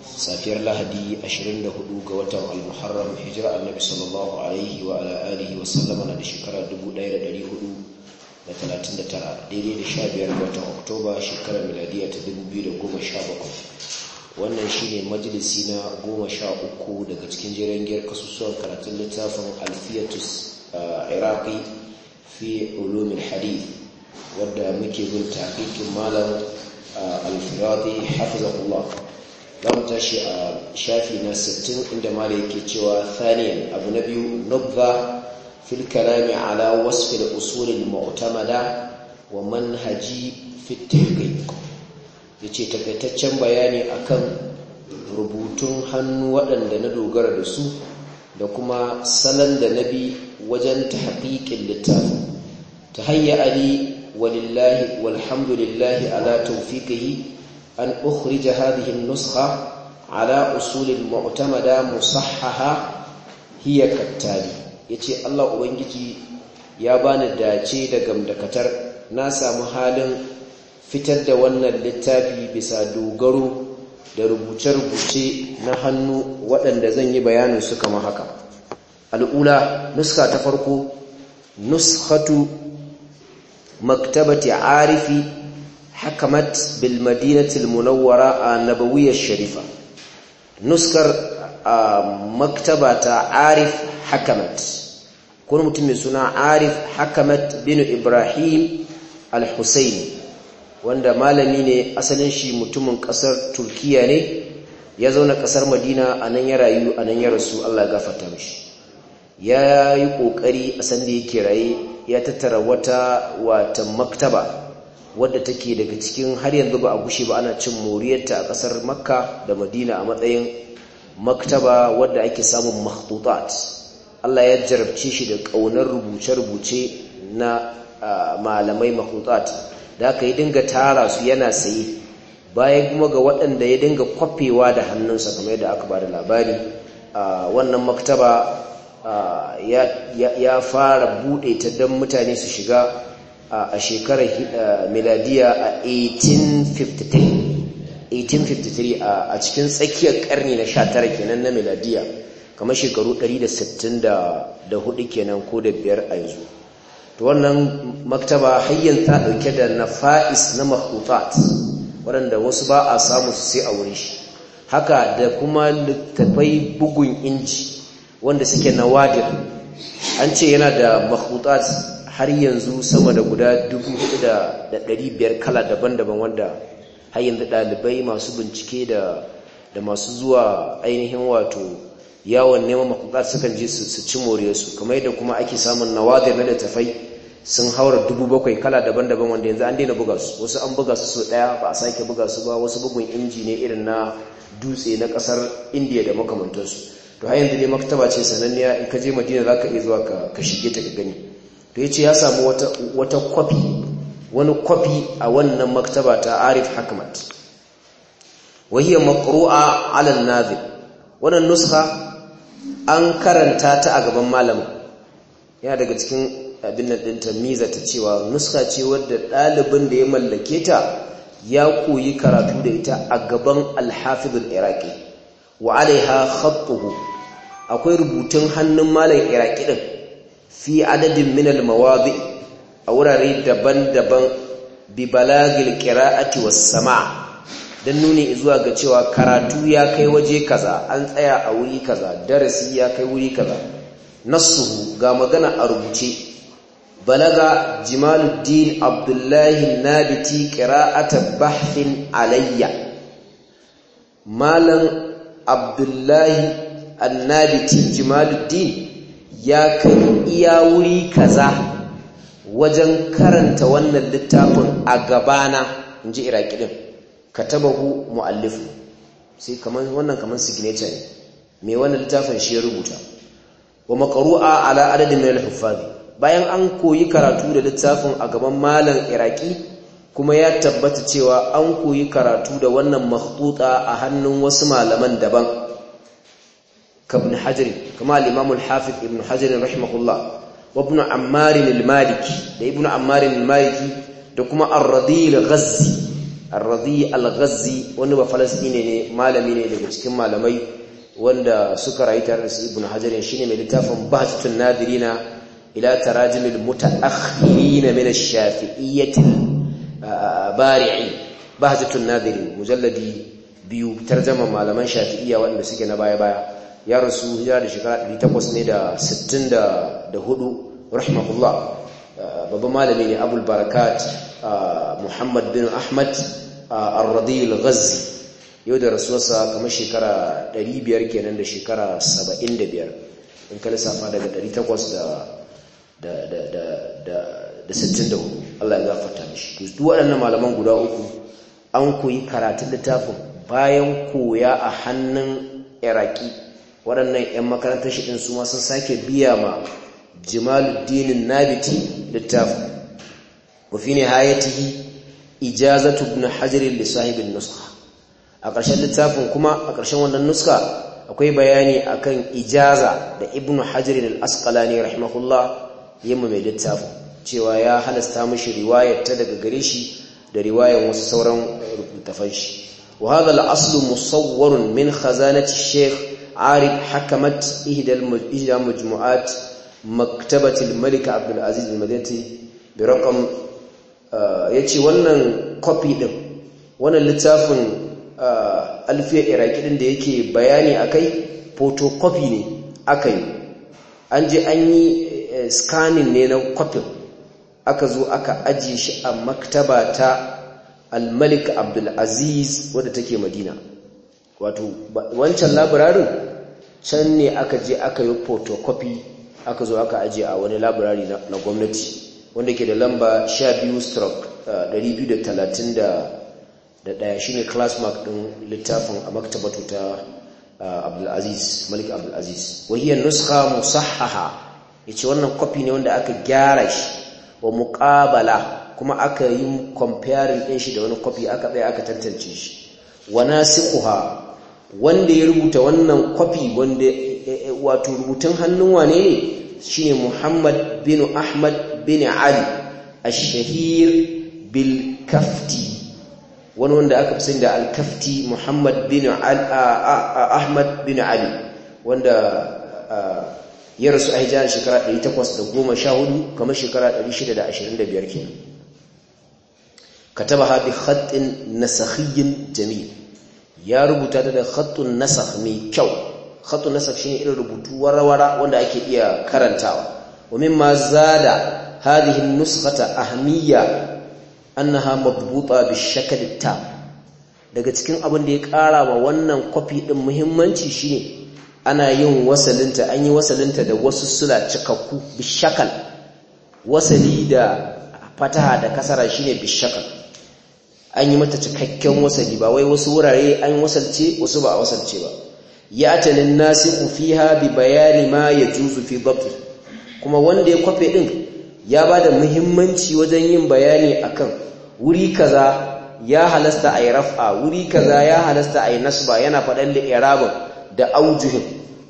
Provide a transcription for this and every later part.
safiyar lahadi 24 ga watan al-muharram hijira annabi sallallahu alaihi wa ala alihi wa sallama na da shekara 1439 daidai da 15 ga watan oktoba shekara miladiya ta 2017 wannan shine majalisi na 13 daga cikin jeren giyar kasusuwan karatun littafin alfiyatus uh, iraqi fi ulumin hadith wadda muke bin hakikin malam uh, al-firati hafizahullah za mu tashi a shafi na 60 inda mala yake cewa thaniyan abu na biyu nubba fil kalami ala wasfi da usulin mu'tamada wa manhaji fit tahqiq yace takaitaccen bayani akan rubutun hannu waɗanda na dogara da su da kuma salon da na bi wajen tahqiqin littafin tahayya ali walhamdulillahi ala tawfiqihi أن أخرج هذه النسخة على أصول معتمدة مصححة هي كالتالي يتي الله أبنجي bani dace الداتي دقم دكتر ناسا محالا fitar da wannan littafi bisa dogaro da rubuce-rubuce na hannu waɗanda zan yi bayanin su kama haka al'ula nuska ta farko nuskatu maktabati arifi hakamat bil madinatil munawwara a nabawiyyar sharifa nuskar a maktaba ta arif hakamat kuma mutum mai suna arif hakamat bin ibrahim al wanda malami ne asalin shi mutumin kasar turkiya ne ya zauna kasar madina a nan ya a nan ya rasu allah gafarta mishi ya yi kokari a sanda yake raye ya tattara wata wata maktaba wadda take daga cikin har yanzu ba a gushe ba ana cin moriyarta a ƙasar makka da madina a matsayin maktaba wadda ake samun makhtutat Allah ya jarabce shi da ƙaunar rubuce-rubuce na malamai makhtutat da aka yi dinga tara su yana saye bayan kuma ga waɗanda ya dinga kwafewa da hannunsa kamar yadda aka ba da labari wannan maktaba ya fara buɗe ta don mutane su shiga a shekarar miladiya a 1853 a cikin tsakiyar karni na 19 kenan na miladiya kamar shekaru 164 kenan ko da biyar a yanzu to wannan maktaba hayyan ta dauke da nafa'is na makhdutat waɗanda wasu ba a samu su sai a wuri shi haka da kuma littafai bugun inji wanda suke nawadir an ce yana da makhdutat har yanzu sama da guda 4,500 kala daban-daban wanda har yanzu ɗalibai masu bincike da masu zuwa ainihin wato yawon neman makonkar sukan je su ci moriyarsu kamar yadda kuma ake samun nawadir na littafai sun haura 7,000 kala daban-daban wanda yanzu an daina buga su wasu an buga su sau ɗaya ba a sake buga su ba wasu bugun inji ne irin na dutse na kasar indiya da makamantarsu to har yanzu ne maktaba ce sananniya in ka je madina za ka iya zuwa ka shige ta ka gani to yace ya samu wata wata kwafi wani kwafi a wannan maktaba ta Arif Hakmat wahiya maqru'a 'ala an-nadhib wannan nuskha an karanta ta a gaban malamin yana daga cikin abin da din tamiza ta cewa nuskha ce wadda dalibin da ya mallake ta ya koyi karatu da ita a gaban al-hafiz al-iraqi wa 'alayha khattuhu akwai rubutun hannun malamin iraqi din fi adadin minal mawabi' a wurare daban-daban bi balagil qira'ati was sama' dan nuni zuwa ga cewa karatu ya kai waje kaza an tsaya a wuri kaza darasi ya kai wuri kaza nassuhu ga magana a rubuce balaga jimaluddin abdullahi nabiti qira'ata bahfin alayya malam abdullahi annabiti jimaluddin ya kai iya wuri kaza wajen karanta wannan littafin a gabana in ji iraki din ka hu mu'allifu sai wannan kamar signature ne mai wannan littafin shi ya rubuta wa makaru'a ala adadin min al bayan an koyi karatu da littafin a gaban malam iraki kuma ya tabbata cewa an koyi karatu da wannan makhtuta a hannun wasu malaman daban كابن حجر كما الإمام الحافظ ابن حجر رحمه الله وابن عمار المالكي ابن عمار المالكي دكما الرضي الغزي الرضي الغزي wanda ba falastine ne malami ne daga cikin malamai wanda suka rayu tare da su ibn hajar shine mai littafin bahthun na ila tarajimil mutaakhirin min ash-shafi'iyyah bari'i bahthun nadirin mujalladi biyu tarjama malaman shafi'iyya waɗanda suke na baya baya ya rasu ya da shekara 864 ne da rahimahullah uh, babban malami ne abul barakat uh, muhammad bin ahmad uh, ar-radil ghazi yau da rasuwarsa kamar shekara 500 kenan da shekara 75 in ka lissafa daga 864 da da hudu. Allah ya gafarta mishi duk waɗannan malaman guda uku an koyi karatun littafin bayan koya a hannun iraki waɗannan 'yan makarantar shi ɗin su ma sun sake biya ma jimaluddinin nabiti littafin wafi ne hayatihi ijazatu ibn hajarin lissahibin nuska a ƙarshen littafin kuma a ƙarshen wannan nuska akwai bayani akan ijaza da ibn hajarin al'asƙalani rahimahullah yamma mai littafin cewa ya halasta mashi riwayar daga gare shi da riwayar wasu sauran littafan shi wa hadha al-aslu musawwarun min khazanati shaykh عارب حكمت إحدى مجموعات مكتبة الملك عبد العزيز المدينة برقم yace wannan copy din wannan littafin alfiya iraki din da yake bayani akai photocopy ne akai an je an yi scanning ne na copy aka zo aka ajiye shi a maktaba ta al-Malik Abdul Aziz wadda take Madina wato wancan labirarin can ne aka je aka yi photocopy aka zo aka ajiye a wani labirari na gwamnati wanda ke da lamba 12 stroke 231 eh, shine class mark din littafin a maktabatu ta eh, Abdulaziz Malik Abdulaziz wahiyar musahaha ya ce wannan kwafi ne wanda aka gyara shi wa muƙabala kuma aka yi comparing din shi da wani kwafi aka ɗaya aka tantance shi wa nasikuha wanda ya rubuta wannan kwafi wanda eh, eh, eh, wato rubutun hannun wane ne shine Muhammad bin Ahmad bin Ali ash-shahir bil kafti wani wanda aka fi sani da al-kafti Muhammad bin Ahmad bin Ali wanda ya rasu a hijira shekara 814 kamar shekara 625 kenan katabaha haɗi haɗin nasakhiyin jamil ya rubuta ta da khattun nasakh mai kyau khattun nasakh shine irin rubutu warawara wanda ake iya karantawa wa maza zada hadhihi an-nuskhata ahmiya annaha madbuta bishakl daga cikin abin da ya kara wa wannan kwafi din muhimmanci shine ana yin wasalinta an yi wasalinta da wasu sura cikakku bishakal wasali da fataha da kasara shine bishakal an yi mata cikakken wasali ba wai wasu wurare an wasalce wasu ba a wasalce ba ya talin ku fiha bi bayani ma ya juzu fi dabti kuma wanda ya kwafe din ya bada muhimmanci wajen yin bayani akan wuri kaza ya halasta ay raf'a wuri kaza ya halasta ay nasba yana fadan da i'rabin da aujuhin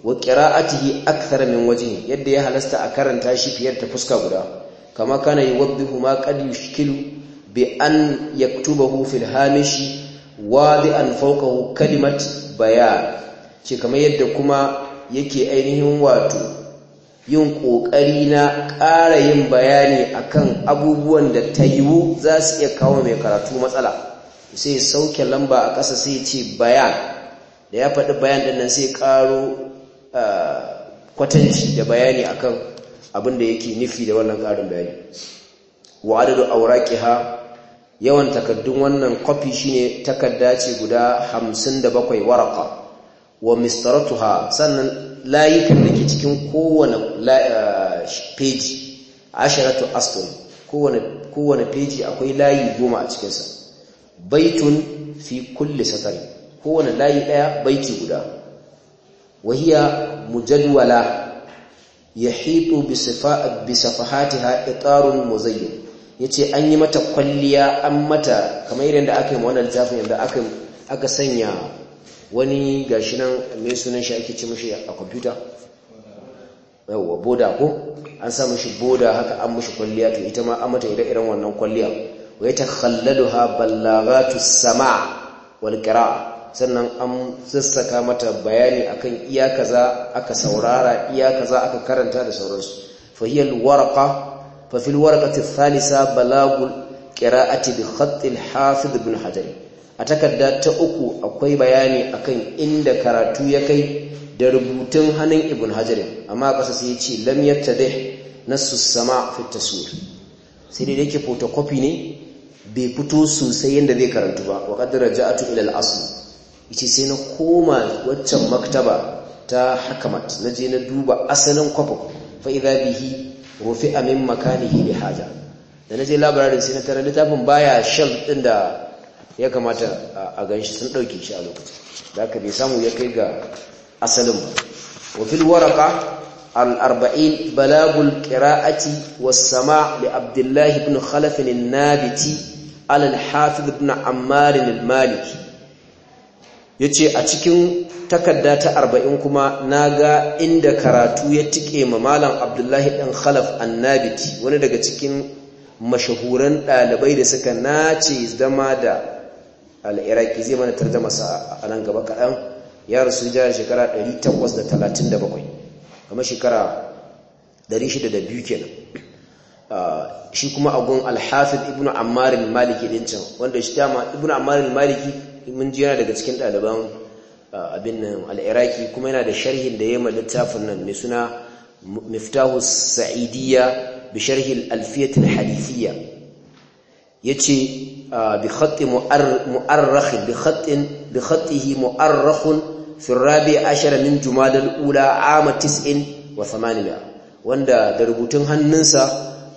wa qira'atihi akthar min wajhi yadda ya halasta a karanta shi fiye da fuska guda kama kana yuwaddihu ma qad yushkilu bi an yaktubahu fil hamishi wadi'an fawqahu kalimat bayan ce kamar yadda kuma yake ainihin wato yin ƙoƙari na ƙara yin bayani akan abubuwan da ta yiwu za su iya kawo mai karatu matsala sai sauke lamba a ƙasa sai ce bayan da ya faɗi bayan ɗin nan sai ƙaro kwatanci da bayani akan abin da yake nufi da wannan ƙarin bayani wa adadu ha? yawan takaddun wannan kwafi shine takarda ce guda 57 waraka wa mistaratuha sannan layukan da ke cikin kowane eh, peji asharatu aston kowane peji akwai layi goma a cikinsa baitun fi kulle satari kowane layi daya baiti guda wahiya mujadwala yahitu bi safahatiha iqarun muzayyin ya ce an yi mata kwalliya an mata kamar irin da aka yi wannan littafin yadda aka sanya wani gashi nan mai sunan shi ake ci mashi a kwamfuta yawwa boda ko an sa shi boda haka an mashi kwalliya to ita ma an mata ire-iren wannan kwalliya wa ya takhallaluha ballaghatu sama wal kira sannan an sassaka mata bayani akan iya kaza aka saurara iya kaza aka karanta da sauransu fa hiya al ففي الورقه الثالثه بلاغ القراءه بخط الحافظ a حجر ta uku akwai bayani akan inda karatu ya kai da rubutun hannun ibn hajar amma kasa sai ya ce lamiyatta dai nassu sama fi taswir sai dai yake photocopy ne bai fito sosai yanda zai karantu ba wa qadara ja'atu ila al-asl sai na koma waccan maktaba ta hakamat naje na duba asalin copy fa bihi rufi amin makanihi da haja da na je labararin sai na tara littafin baya shelf ɗin da ya kamata a ganshi sun ɗauke shi a lokaci da aka bai samu ya kai ga asalin ba wafil waraka al-arba'in balagul qira'ati was sama' li abdullahi ibn khalafin an-nabiti al-hafiz ibn ammar maliki Ya ce a cikin takarda ta arba'in kuma na ga inda karatu ya tike ma Abdullahi Ɗan Khalaf Annabiti wani daga cikin mashahuran ɗalibai da suka nace zama da al-Iraqi zai mana tarjuma sa a nan gaba kaɗan ya rasu jira shekara 837 kamar shekara 602 kenan ah, shi kuma agun alhafin Ibn amarin maliki din can wanda shi dama Ibn Ammar maliki mun ji yana daga cikin ɗaliban abin nan al'iraki kuma yana da sharhin da ya ma littafin nan mai suna miftahu sa'idiyya bi sharhin alfiyatul hadithiyya yace bi khatti mu'arrakh bi khattin bi khattihi mu'arrakh rabi ashara min jumadal ula ama 9 wa 800 wanda da rubutun hannunsa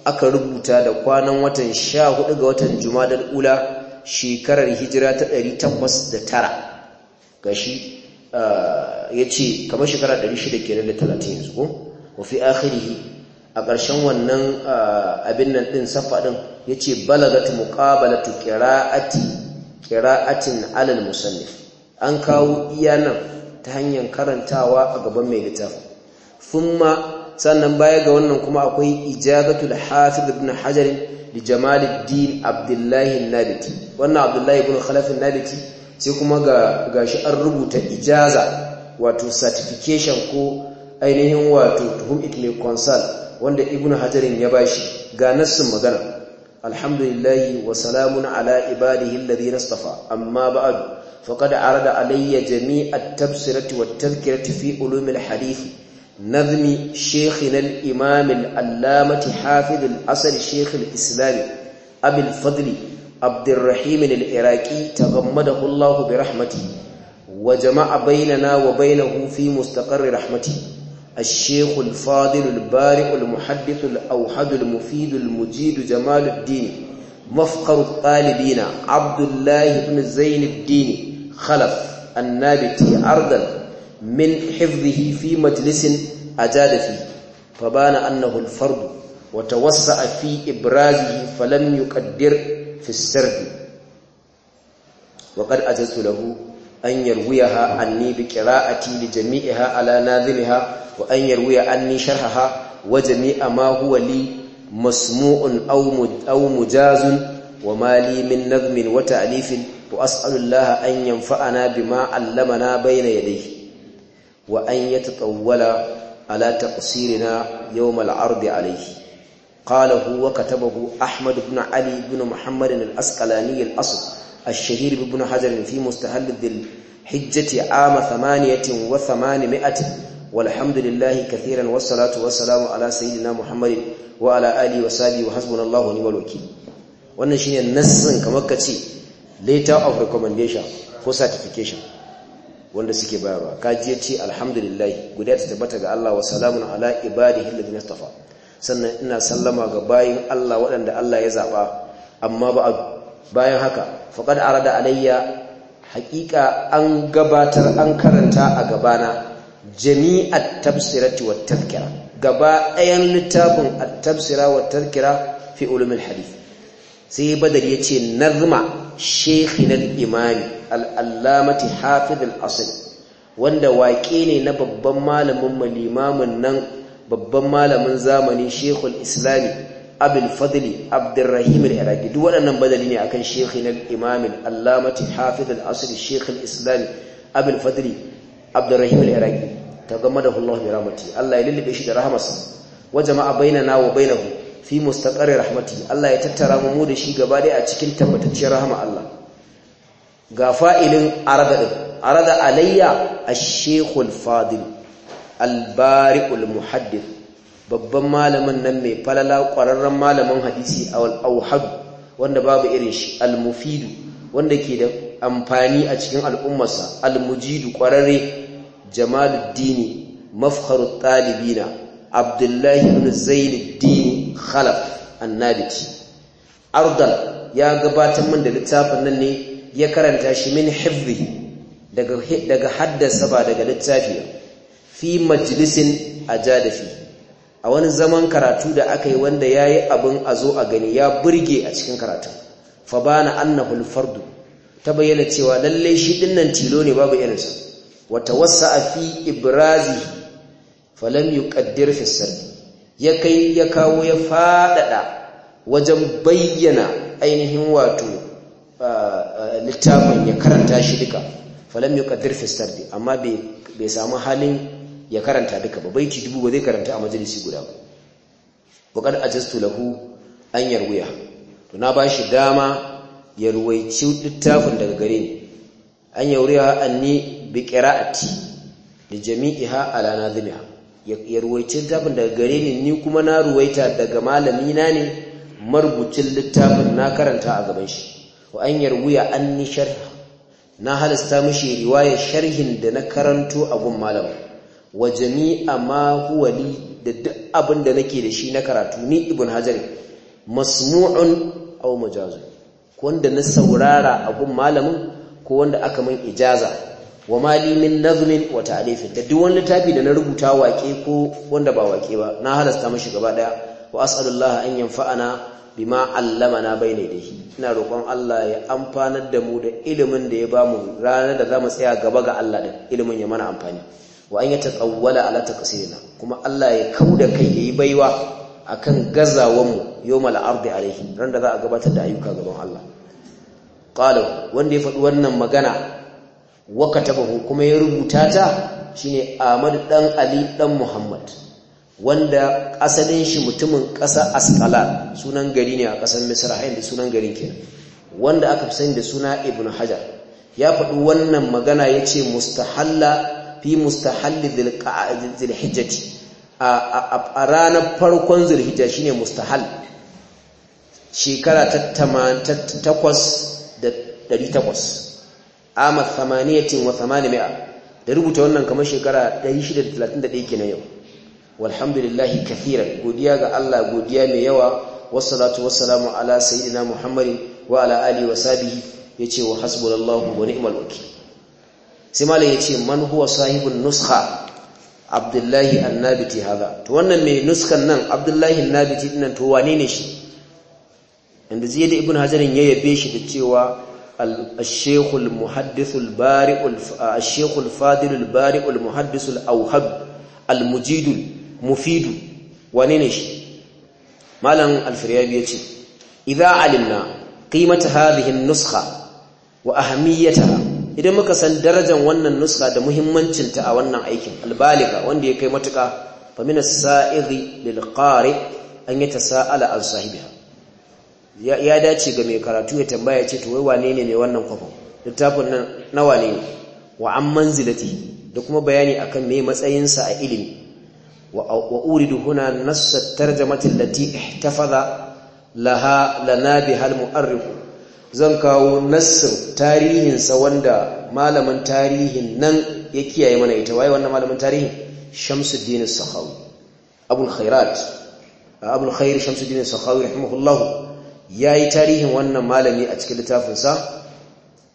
aka rubuta da kwanan watan sha hudu ga watan jumadal ula shekarar hijira ta 809 gashi uh, ya ce kamar shekara 600 kenan da 30 yanzu ko fi akhirih a ƙarshen wannan uh, abin nan ɗin safa din ya ce balagat qira'ati qira'atin alal musannif an kawo iyanan ta hanyar karantawa a gaban mai littafin summa sannan baya ga wannan kuma akwai ijazatul hafiz ibn hajarin da jamaluddin abdullahi nabiti wannan abdullahi ibn khalafin nabiti sai kuma ga gashi an rubuta ijaza wato certification ko ainihin wato tuhum it may consul wanda ibn hajarin ya bashi ga nassin magana alhamdulillahi wa salamun ala ibadihi alladhina istafa amma ba'd faqad arada alayya jami' tafsirati wat-tadhkirati fi ulumil hadith نظم شيخنا الإمام الألامة حافظ الأصل شيخ الإسلام أبي الفضل عبد الرحيم العراقي تغمده الله برحمته وجمع بيننا وبينه في مستقر رحمته الشيخ الفاضل البارئ المحدث الأوحد المفيد المجيد جمال الدين مفقر الطالبين عبد الله بن زين الدين خلف النابتي أرضاً min hifdhihi fi majlisin ajada fi fa bana annahu al-fard wa tawassa'a fi ibrazihi falam yuqaddir fi as-sirr wa qad ajaztu lahu an yarwiyaha anni bi qira'ati li jami'iha ala nadhimiha wa an yarwiya anni sharhaha wa jami'a ma huwa li masmu'un aw mujazun وما لي من نظم وتأليف وأسأل الله أن ينفعنا بما علمنا بين يديه wa an yatatawwala ala taqsirina yawm al-'ard alayhi qala huwa katabahu ahmad ibn ali ibn muhammad al-asqalani al-asl الشهير بابن حجر في مستهل ذي الحجة عام ثمانية وثمانمائة والحمد لله كثيرا والصلاة والسلام على سيدنا محمد وعلى آله وصحبه وحسبنا الله ونعم الوكيل wannan shine nassin kamar ce, letter of recommendation ko certification wanda suke bayarwa kaji ya ce alhamdulillah guda ta tabbata ga Allah wa salamun ala ibadihi alladhina istafa sannan ina sallama ga bayin Allah waɗanda Allah ya zaba amma ba bayan haka faqad arada alayya haqiqa an gabatar an karanta a gabana jami'at tafsirati wat tadhkira gaba ɗayan littafin at-tafsira wat tadhkira fi ulumul hadith sai badal yace narma shekhina al-imami al hafizin hafiz wanda waƙe ne na babban malamin malimamin nan babban malamin zamani shekul islami abul fadli abdurrahim al-iraqi duk waɗannan badali ne akan shekhina al-imami al-allamati hafiz al-asl shekhul islami abul fadli abdurrahim al-iraqi tagammadahu Allah bi rahmati Allah ya lullube shi da rahmarsa wa jama'a bainana wa bainahu fi mustaqarri rahmati Allah ya tattara mu da shi gaba ɗaya a cikin tabbatacciyar rahama Allah ga fa'ilin arada din arada alayya ash-shaykhul fadil al-bari'ul muhaddith babban malamin nan mai falala ƙwararren malamin hadisi al-awhad wanda babu irin shi al wanda ke da amfani a cikin al'ummarsa al-mujidu ƙwararre jamaluddini mafkharut talibina abdullahi ibn zainuddin khalaf annabiti ardal ya gabatar min da littafin nan ne ya karanta shi min hifzi daga daga haddasa ba daga littafi fi majlisin ajadafi a wani zaman karatu da aka yi wanda ya yi abin azo a gani ya burge a cikin karatu fa bana annahu alfardu ta bayyana cewa lalle shi dinnan tilo ne babu irinsa wa a fi ibrazi falam yuqaddir fi sirri ya kai ya kawo ya faɗaɗa wajen bayyana ainihin wato littafin ya karanta shi duka falam yi fistar da amma bai samu halin ya karanta duka ba baiti dubu ba zai karanta a majalisi guda ba buƙar jistu lahu an yarwuya to na ba shi dama ya ruwaici littafin daga gare ni an yarwuya ni bi da jami'i jami'iha ala nazimiha ya ruwaici littafin daga gare ni ni kuma na ruwaita daga malami na ne marubucin littafin na karanta a gaban shi wa an yarwuya an ni sharha na halasta mishi riwayar sharhin da na karanto a gun malam wa jami'a ma huwa da duk abin da nake da shi na karatu ni ibn hajar masmu'un aw majazun wanda na saurara a gun malamin ko wanda aka min ijaza wa mali min nazmin wa ta'alifin da duk wani littafi da na rubuta waƙe ko wanda ba waƙe ba na halasta mashi gaba daya wa as'alullah an yanfa'ana bima 'allamana bayna yadayhi ina roƙon Allah ya amfanar da mu da ilimin da ya bamu ranar da zamu tsaya gaba ga Allah da ilimin ya mana amfani wa an yatawwala ala taqsirina kuma Allah ya da kai yayi baiwa akan gazawan mu yawmal ardi alaihi ran da za a gabatar da ayyuka gaban Allah qalu wanda ya faɗi wannan magana wa kuma ya rubuta ta shine Amadu, dan Ali dan Muhammad wanda asalin shi mutumin ƙasa Asƙala sunan gari ne a ƙasar Misra hayin da sunan garin kenan wanda aka fi sani da suna Ibn Hajar ya faɗi wannan magana yace mustahalla fi mustahalli dhil hijjati a ranar farkon zulhijja shine mustahal shekara ta 88 da ama thamaniyatin wa thamaniya da rubuta wannan kamar shekara 631 kenan yau walhamdulillahi kathiran godiya ga Allah godiya mai yawa wassalatu wassalamu ala sayyidina muhammadin wa ala alihi wa sahbihi yace wa hasbunallahu wa ni'mal wakeel sai malam yace man huwa sahibun nuskha abdullahi annabiti hada to wannan mai nuskan nan abdullahi annabiti dinnan to wane ne shi inda zai da ibn hajarin ya yabe shi da cewa الشيخ المحدث البارئ الشيخ الفاضل البارئ المحدث الأوهب المجيد المفيد وننش مالا الفريابية إذا علمنا قيمة هذه النسخة وأهميتها idan muka san darajar wannan nuska da muhimmancinta a wannan aikin albaliga wanda ya kai matuka fa min as-sa'iri lil qari an yatasa'ala an sahibiha ya dace ga mai karatu ya tambaya ya ce to wai wane ne mai wannan kwafin littafin nan na wane ne wa an manzilati da kuma bayani akan mai matsayinsa a ilimi wa uridu huna nassa tarjamati allati ihtafaza laha lana biha al zan kawo nassin tarihinsa wanda malamin tarihin nan ya kiyaye mana ita waye wannan malamin tarihin Shamsuddin as-Sakhawi Abul Khairat Abul Khair Shamsuddin as-Sakhawi rahimahullahu ya yi tarihin wannan malami a cikin littafinsa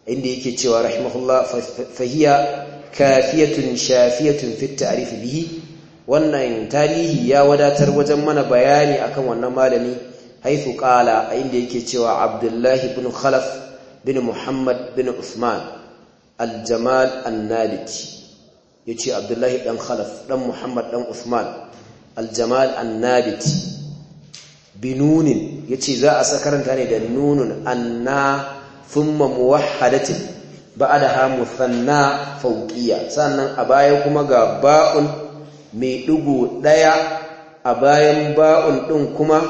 inda yake cewa rahimahullah fahiya kafiyatun shafiyatun fit ta'rif bihi wannan tarihi ya wadatar wajen mana bayani akan wannan malami haifu kala a inda yake cewa abdullahi ibn khalaf bin muhammad bin usman al-jamal an-naliki yace abdullahi dan khalaf dan muhammad dan usman al-jamal an binunin ya ce za a sakaranta ne da nunun anna thumma muwahadatin hamu musanna fauƙiya sannan a baya kuma ga ba'un mai ɗugu ɗaya, a bayan ba'un ɗin kuma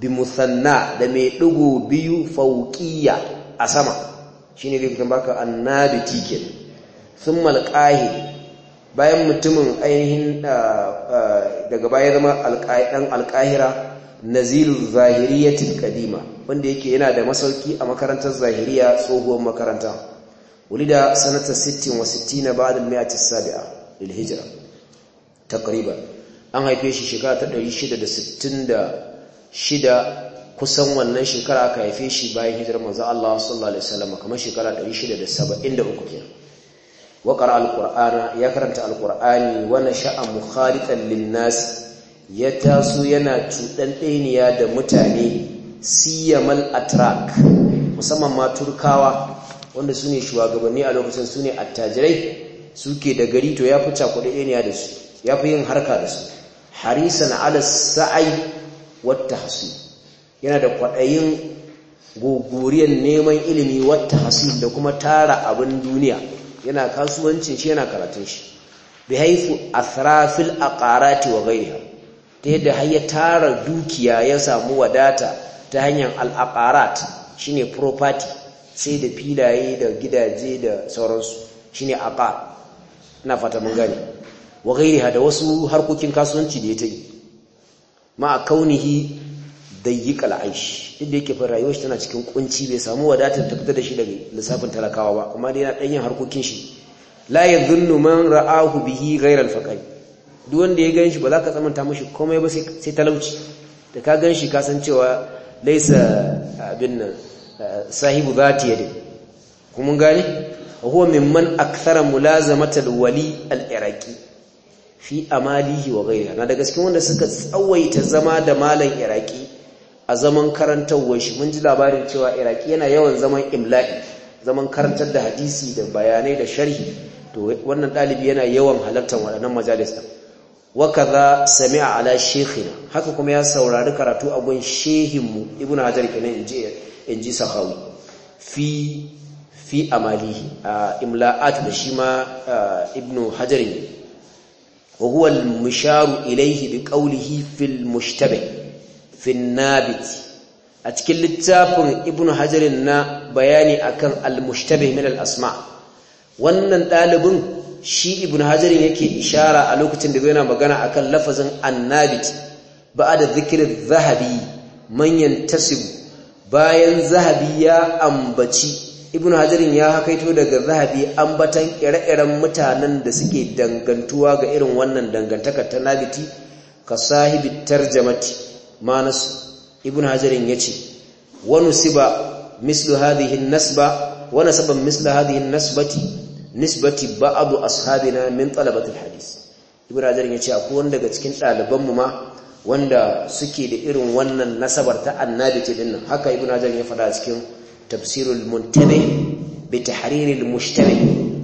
bi musanna da mai ɗugu biyu fauƙiya a sama shine zai fitan baka da tikin sun malƙahi bayan mutumin ainihin ah, ah, daga baya zama ɗan alƙahira. nazilul zahiriyatil kadima wanda yake yana da masauki a makarantar zahiriya tsohuwar makaranta wulida sanata 60 wa 60 ba'da al-mi'ati as-sabi'a lil hijra takriban? an haife shi shekara ta 666 kusan wannan shekara aka haife shi bayan hijirar manzo Allah sallallahu alaihi wasallam kamar shekara 673 kenan wa qara al-qur'ana ya karanta al-qur'ani wa nasha'a mukhalitan lin-nas ya taso yana ɗaniya da mutane siyamal atrak musamman ma turkawa wanda su ne shugabanni a lokacin su ne attajirai suke da gari to ya fi ɗaniya da su ya fi yin harka da su harisan alas sa'ai wata hasu yana da kwaɗayin gogoriyar neman ilimi wata hasu, da kuma tara abin duniya yana kasuwancin shi yana karatun shi bi haifu a tharafil a ƙarati wa gairiya ta yadda har tara dukiya ya samu wadata ta hanyar shi shine property sai da filaye da gidaje da sauransu shine aka ina fata mun gane wa gairi da wasu harkokin kasuwanci da ya yi ma a kaunihi dayyikal aish duk inda yake fara rayuwar shi tana cikin kunci bai samu wadatar ta fita da shi daga lissafin talakawa ba amma dai na ɗanyen yin harkokin shi la zunnu man ra'ahu bihi gairar fakai duk wanda ya ganshi ba za ka tsamanta mashi komai ba sai talauci da ka ganshi ka san cewa laisa abin nan sahibu za ta yadi kuma gane huwa mimman akthara mulazamata da wali al'iraki fi amalihi wa gaira na daga cikin wanda suka tsawaita zama da malam iraƙi a zaman karantawar shi mun ji labarin cewa iraki yana yawan zaman imla'i zaman karantar da hadisi da bayanai da sharhi to wannan dalibi yana yawan halartar waɗannan majalis wakaza sami'a ala shekhina haka kuma ya saurari karatu a gun shehinmu ibn hajar kenan in sahawi fi fi amalihi imla'at da shi ma ibn hajar ne wa huwa al-musharu ilayhi bi qawlihi fil mushtabih fi nabit a cikin littafin ibn hajar na bayani akan al-mushtabih min al-asma' wannan dalibin shi ibn hajarin yake ishara a lokacin da yana magana a akan lafazin annabit da zikirin zahabi manyan tasibu bayan zahabi ya ambaci ibn hajarin ya hakaito daga zahabi ambatan ire-iren mutanen da suke dangantuwa ga irin wannan dangantaka ta nabiti ka sahibi tarjamati manas ibn hajarin yace wa nusiba mislu hadhihi nasba wa nasaba mislu hadhihi nasbati nisbati ba'adu ashabina min talabatul hadis ibn hajar yace akwai wanda daga cikin ɗaliban mu ma wanda suke da irin wannan nasabar ta annabi ce dinnan haka ibn hajar ya faɗa cikin tafsirul muntami bi tahriril mushtabi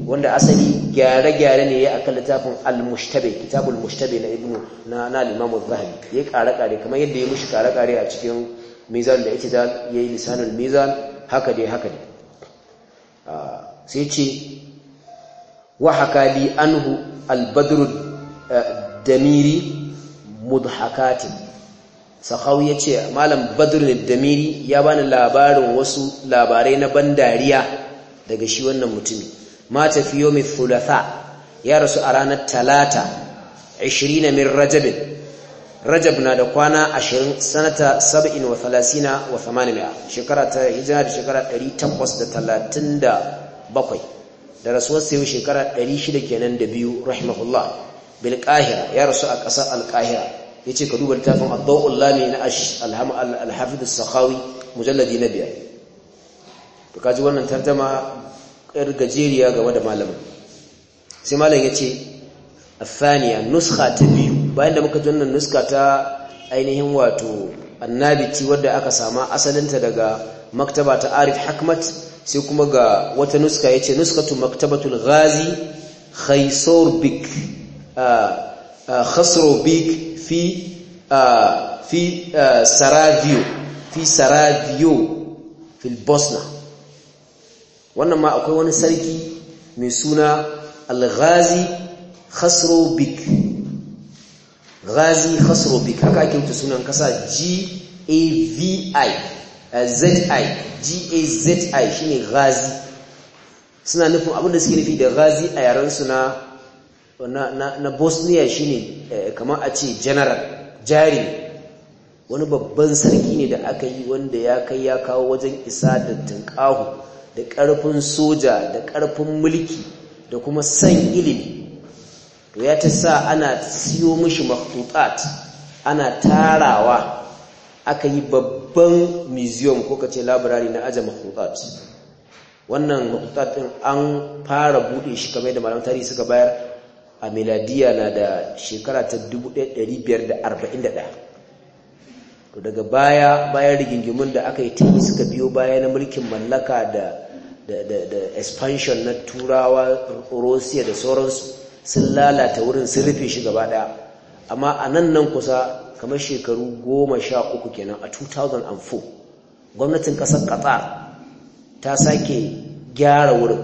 wanda asali gyare-gyare ne ya akan littafin al-mushtabi kitabul mushtabi na ibnu na na al-imam az-zahabi ya kare-kare kamar yadda ya mushi kare-kare a cikin mizan da itidal yayi lisanul mizan haka dai haka dai ah, sai ce wa haka anhu al-badr eh, damiri mudhakatin sakhawi yace malam Badru damiri ya bani labarin wasu labarai na dariya daga shi wannan mutumi mata fi yawmi ya rasu a ranar talata 20 min rajab rajab na da kwana 20 sanata 37 wa 800 shekara ta hijira da shekara da rasuwar sayo shekara 600 kenan da biyu rahimahullah bil qahira ya rasu a ƙasar al qahira yace ka duba littafin ad-dawul lami na al-ham al-hafiz as-sakhawi mujalladi na biyar to kaji wannan tartama yar gajeriya game da malamin sai malam yace athaniya nuskha ta biyu bayan da muka ji wannan nuska ta ainihin wato annabiti wadda aka sama asalinta daga maktaba ta arif hakmat sai kuma ga wata nuska yace nuskatu maktabatul ghazi khaisorbik khasrobik fi fi saraviyo fi fil bosna wannan ma akwai wani sarki mai suna al-ghazi khasrobik ghazi khasrobik haka ake mutu sunan kasa g-a-v-i Uh, zi gazi shine ghazi suna nufin abinda suke nufi da ghazi a yarensu na na bosnia shine eh, kamar a ce general jari wani babban sarki ne da aka yi wanda ya kai ya kawo wajen isa da tunkahu da ƙarfin soja da ƙarfin mulki da kuma san ilimi to ya ta sa ana siyo mishi makhtutat ana tarawa aka yi babban babban museum ko kace library na aja makhutat wannan makhutat din an fara bude shi kamar da malam tarihi suka bayar a miladiya na da shekara ta 1541 to daga baya bayan rigingimun da aka yi ta suka biyo baya na mulkin mallaka da da expansion na turawa Russia, da sauransu sun lalata wurin sun rufe shi gaba daya amma a nan nan kusa kamar shekaru goma sha uku kenan a 2004 gwamnatin ƙasar qatar ta sake gyara wurin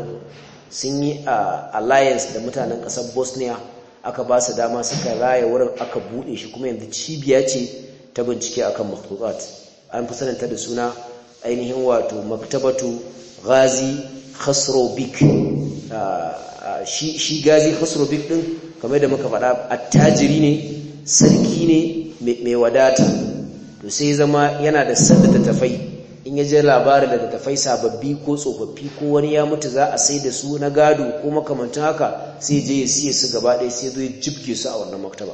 sun yi a alliance da mutanen ƙasar bosnia aka ba su dama suka raya wurin aka buɗe shi kuma yanzu cibiya ce ta bincike akan makhlukat an fi sananta da suna ainihin wato maktabatu ghazi khasrobik shi gazi khasrobik din kamar da muka faɗa attajiri ne sarki ne mai wadata to sai zama yana da san tafai in ya je labarin tafai sababbi ko tsofaffi ko wani ya mutu za a sai da su na gado ko makamantan haka sai je ya siye su gaba ɗaya sai zo ya jibge su a wannan maktaba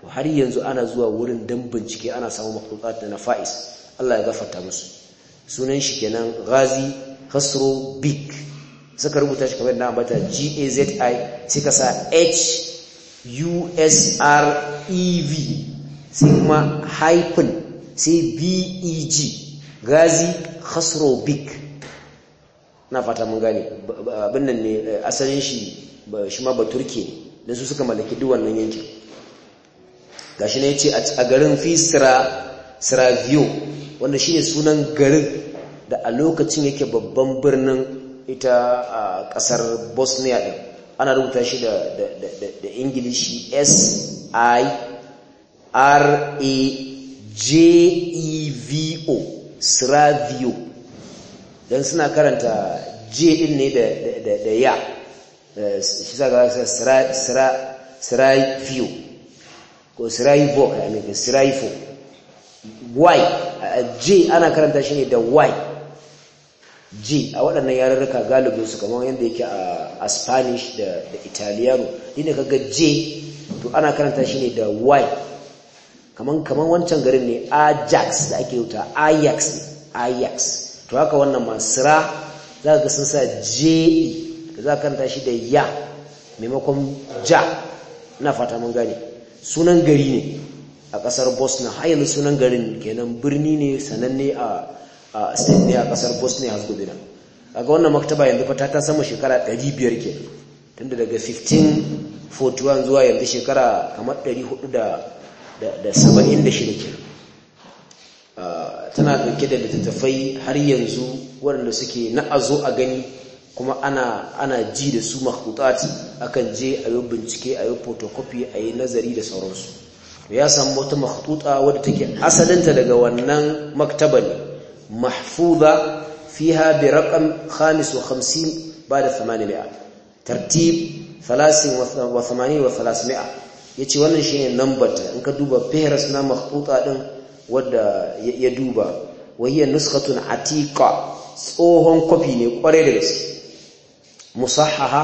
to har yanzu ana zuwa wurin dan bincike ana samun da na fa'is Allah ya gafarta musu sunan shi kenan Ghazi Khosrow Bik suka rubuta shi kamar na ambata G A Z I sai ka sa H usrev sai kuma hyphen sai beg gazi khasrobik na fata mun gane abin nan ne eh, asalin shi shi ma baturke da su suka mallaki duk wannan yankin gashi ne yace a garin fisra sravio wanda shine sunan garin da a lokacin yake babban birnin ita a kasar bosnia din ana rubuta shi da da ingilishi s i r a j e v o sravio dan suna karanta j din ne da da da ya eh, shi saka sra sra sravio ko sravio i mean y j ana karanta shi ne da y j a waɗannan yarurruka galibin su kamar yadda yake a spanish da italiano inda kaga j to ana karanta shi ne da y kaman wancan garin ne ajax da ake wuta ajax ne ajax to haka wannan masira za ka sun sa je da za karanta shi da ya maimakon ja na fata mun gane sunan gari ne a ƙasar bosnia har sunan garin kenan birni ne sananne a a state ne a kasar bosnia herzegovina ga wannan maktaba yanzu fata ta sama shekara 500 ke tunda daga 1541 zuwa yanzu shekara kamar 476 ke tana dauke da littattafai har yanzu waɗanda suke na a gani kuma ana ana ji da su makhutati akan je a yi bincike a yi photocopy a yi nazari da sauransu ya samu wata makututa wadda take asalinta daga wannan maktaba ne محفوظة فيها برقم 55 بعد 800 ترتيب 83 و300 yace wannan shine number ta in ka duba fihras na makhbuta din wanda ya duba wahiya nuskhatun atiqa tsohon kwafi ne kware da gaske musahhaha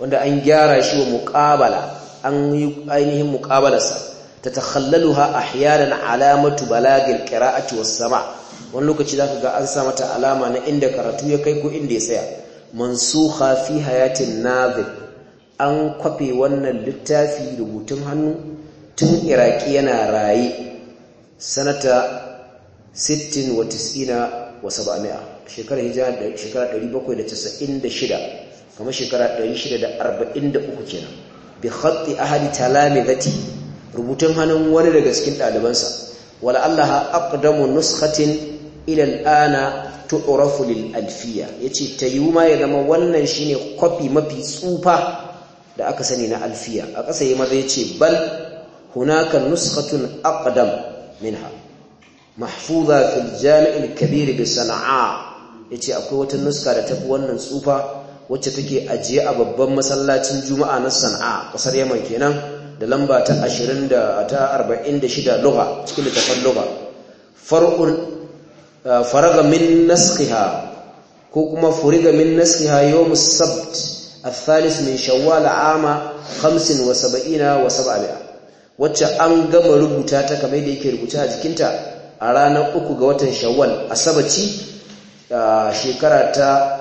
wanda an gyara shi wa muqabala an yi ainihin muqabalarsa tatakhallaluha ahyanan alamatu balagil qira'ati was sama' wani lokaci za ka ga an sa mata alama na inda karatu ya kai ko inda ya tsaya mansukha fi hayatin nadhir an kwafe wannan littafi rubutun hannu tun iraki yana raye sanata 60 wa 90 wa 700 shekarar hijira da shekarar 796 kamar shekara 643 kenan bi khatti ahadi talamizati rubutun hannun wani daga cikin ɗalibansa wala Allah aqdamu nuskhatin ilal ana tu'rafu lil alfiya yace tayyuma ya zama wannan shine kwafi mafi tsufa da aka sani na alfiya a ƙasa yayi maza yace bal hunaka nuskhatun aqdam minha mahfuza fil jami'il kabir bi sana'a yace akwai wata nuska da tafi wannan tsufa wacce take ajiye a babban masallacin juma'a na sana'a ƙasar yaman kenan da lamba ta 20 da ta 46 lugha cikin littafin lugha far'un faraga min naskiha ko kuma furiga min naskiha yawm as-sabt al-thalith min shawwal ama 75 wa 700 wacce an gama rubuta ta kamar da yake rubuta a jikinta a ranar uku ga watan shawwal asabaci shekara ta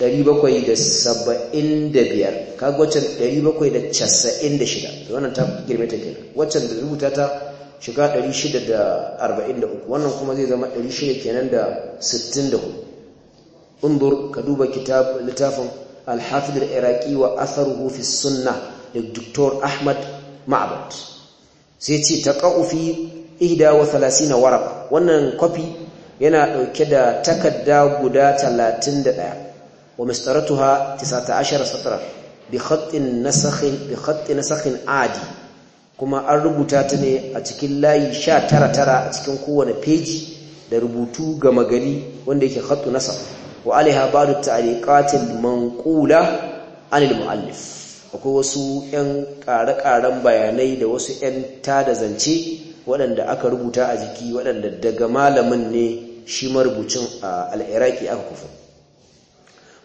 775 kaga wacce 796 wannan ta girmeta ta kenan wacce da rubuta ta shiga 643 wannan kuma zai zama 600 kenan da 64 undur ka duba kitab littafin al-hafiz al-iraqi wa atharuhu fi sunnah da Dr. Ahmad Ma'bad sai ce taqa'u fi 31 waraq wannan copy yana dauke da takarda guda 31 wa mistaratuha 19 satra bi khatt nasakh bi khatt nasakh adi kuma an rubuta ta ne a cikin layi sha tara tara a cikin kowane peji da rubutu gama gari wanda yake khattu nasa wa alaiha ba'du ta'liqatil manqula anil muallif akwai wasu 'yan ƙare-ƙaren bayanai da wasu 'yan ta da zance waɗanda aka rubuta a jiki waɗanda daga malamin ne shi marubucin al-iraqi aka kufa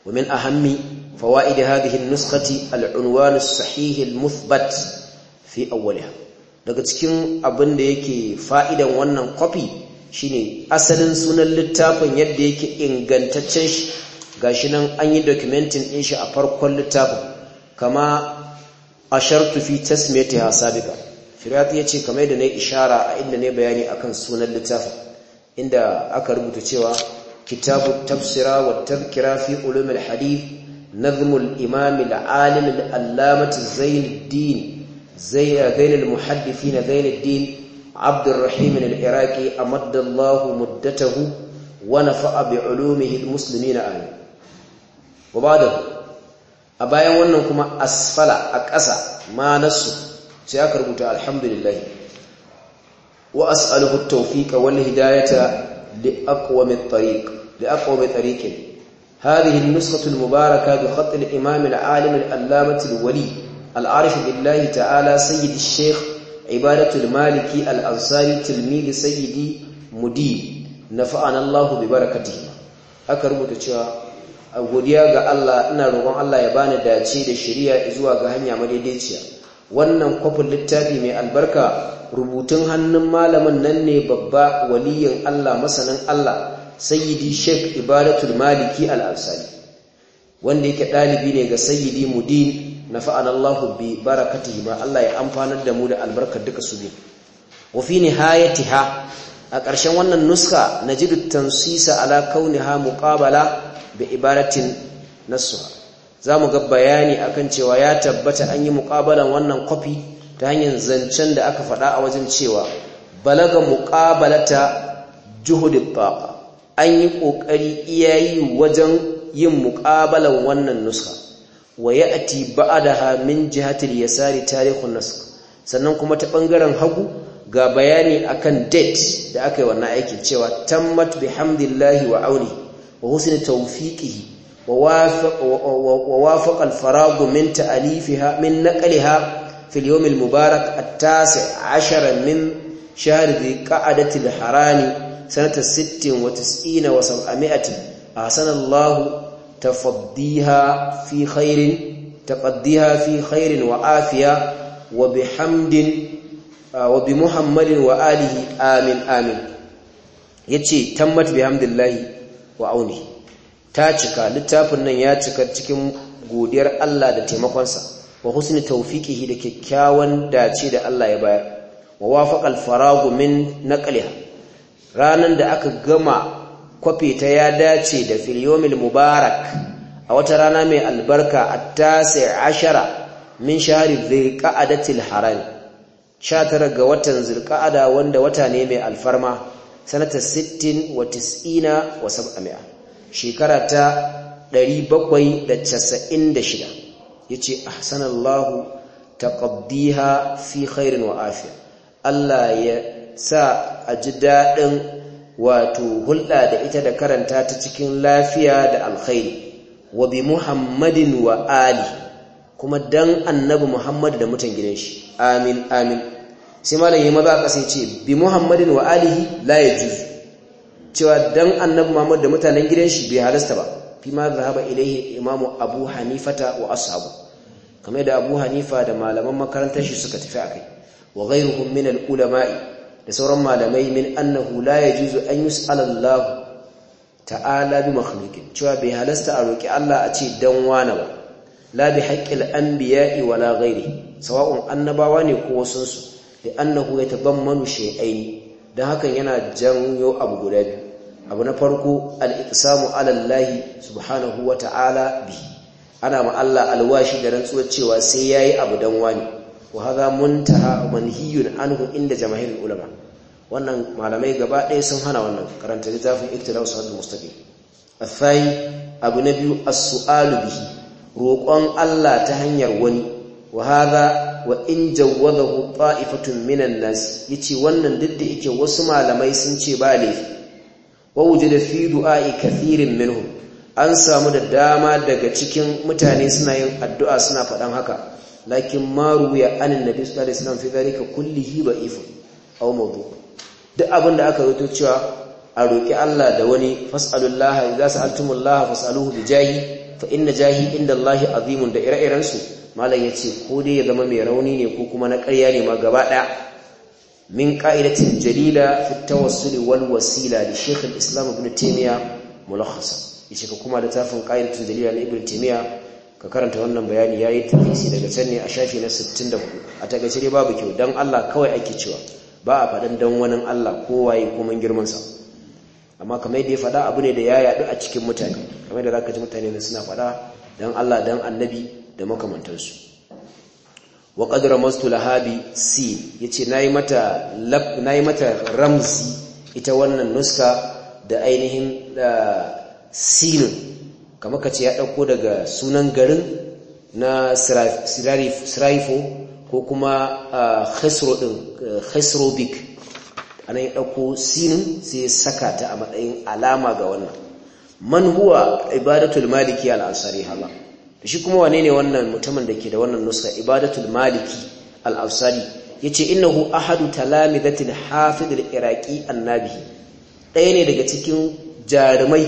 ومن أهم فوائد هذه النسخة العنوان الصحيح المثبت fi awwaliha daga cikin abin da yake fa'idan wannan kwafi shine asalin sunan littafin yadda yake ingantaccen shi gashi nan an yi documentin ɗin shi a farkon littafin kama ashartu fi tasmiyatiha sabiqa firati yace kamar da nayi ishara a inda ne bayani akan sunan littafin inda aka rubuta cewa kitabu tafsira wa tadhkira fi ulum hadith nazmul imam al-alim al-allamah zainuddin زي بين المحدثين زين الدين عبد الرحيم العراقي امد الله na ونفع بعلومه المسلمين اي وبعد ابايان wannan kuma asfala a ƙasa ma nasu sai aka rubuta alhamdulillah wa as'aluhu at-tawfiqa wal hidayata li aqwam at-tariq li aqwam at-tariqin hadhihi an-nusxatu al-mubarakah bi khatt al-imam al-alim wali ta'ala العارف بالله تعالى maliki الشيخ عبادة المالكي الأنصاري تلميذ سيدي مدير نفعنا الله ببركته rubuta cewa a godiya ga Allah ina roƙon Allah ya bani dace da shiriya zuwa ga hanya madaidaiciya wannan kwafin littafi mai albarka rubutun hannun malamin nan ne babba waliyin Allah masanin Allah sayyidi Sheikh Ibadatul Maliki Al-Ansari wanda yake dalibi ne ga sayyidi Mudin nafa'ana Allahu bi barakatihi ma Allah ya amfanar da mu da albarkar duka su biyu wa fi nihayatiha a ƙarshen wannan nuska najidu tansisa ala kauniha muqabala bi ibaratin nasuha zamu ga bayani akan cewa ya tabbata an yi muqabalan wannan copy ta hanyar zancen da aka faɗa a wajen cewa balaga muqabalata juhudi taqa an yi kokari iyayi wajen yin muqabalan wannan nuska وياتي بعدها من جهه اليسار تاريخ النسك sannan kuma ta ɓangaren hagu ga bayani akan date da aka yi wa wannan aikin cewa tammat bihamdillahi wa auni wa husni tawfiqihi wa wafaq al min ta'alifiha min naqliha fil yawm al-mubarak at-tasi' min shahr dhi-qa'adati al-harani sanata 69 wa 700 ahsanallahu تفضيها في خير تقضيها في خير وعافية وبحمد وبمحمد وآله آمين آمين yace tammat bihamdillahi wa auni ta cika littafin nan ya cika cikin godiyar Allah da taimakonsa wa husni tawfiqihi da kyakkyawan dace da Allah ya bayar wa wafaqa al-faragu min naqliha ranan da aka gama kwafe ta ya dace da filiyomil mubarak a wata rana mai albarka a tasi ashara min shahari zirka'adatil harami sha tara ga watan zirka'ada wanda wata ne mai alfarma sanata sittin wa tis'ina wa sab'ami'a shekara ta 796 ya ce ahsanallahu taqaddiha fi khairin wa afiya Allah ya sa a ji daɗin wato hulɗa da ita da karanta ta cikin lafiya da alkhairi wa bi muhammadin wa ali kuma dan annabi muhammad da mutan gidan shi amin amin sai malam yayi maza kasa ce bi muhammadin wa alihi la yajuz cewa dan annabi muhammad da mutanen gidan shi bai halasta ba fi ma zahaba ilaihi imamu abu hanifata wa ashabu kamar da abu hanifa da malaman makarantar shi suka tafi akai wa ghayruhum min al ulama'i da sauran malamai min annahu la yajuzu an yus'ala Allah ta'ala bi makhluqin cewa bai halasta a roki Allah a ce dan wani ba la bi haqqil anbiya'i wala ghairi sawa'un annabawa ne ko wasun su li annahu yatadammanu shay'ain dan hakan yana janyo abu guda biyu abu na farko al-iqsamu ala Allah subhanahu wa ta'ala bi ana ma Allah alwashi da rantsuwar cewa sai yayi abu dan wani وهذا muntaha منهي anhu inda جماهير ulama wannan malamai gaba ɗaya sun hana wannan karanta littafin iktidal siratul mustaqim athai abu na biyu a sualu bihi roƙon Allah ta hanyar wani wa hadha wa in jawwadahu ta'ifatun minan nas yace wannan duk da yake wasu malamai sun ce ba laifi wa wujida fi du'a'i kathirin minhum an samu da dama daga cikin mutane suna yin addu'a suna faɗan haka lakin maru ya anin nabi sallallahu alaihi wasallam fi dhalika kullihi da'if aw mawdu' duk abin da aka rubuto cewa a roƙi Allah da wani fas'alullaha su altumullaha fas'aluhu bi jahi fa inna jahi indallahi azimun da ire irensu su ya ce ko dai ya zama mai rauni ne ko kuma na ƙarya ne ma gaba ɗaya min ƙa'idatin jalila fi tawassul wal wasila li shaykh al-islam ibn taymiya mulakhasa yace kuma littafin ƙa'idatin jalila na ibn taymiya ka karanta wannan bayani ya yi tafisi daga can ne a shafi na 64 a takaice dai babu kyau don Allah kawai ake cewa ba a faɗin dan wani Allah kowaye ko mun girmansa, amma kamar yadda ya faɗa abu ne da ya yaɗu a cikin mutane kamar yadda ka ji mutane da suna faɗa don Allah don annabi da makamantarsu wa ƙadura masu lahabi si yace ce mata yi mata ramsi ita wannan nuska da ainihin sinin kamar kace ya ɗauko daga sunan garin na sirafo ko kuma khasro ɗin, hesrobik. bik anan ya dauko sinin sai saka ta a matsayin alama ga wannan man huwa ibadatul maliki alasari ansari shi kuma wane ne wannan mutumin da ke da wannan nuska ibadatul maliki al ce yace innahu ahadu talamidatil hafid al annabi ɗaya ne daga cikin jarumai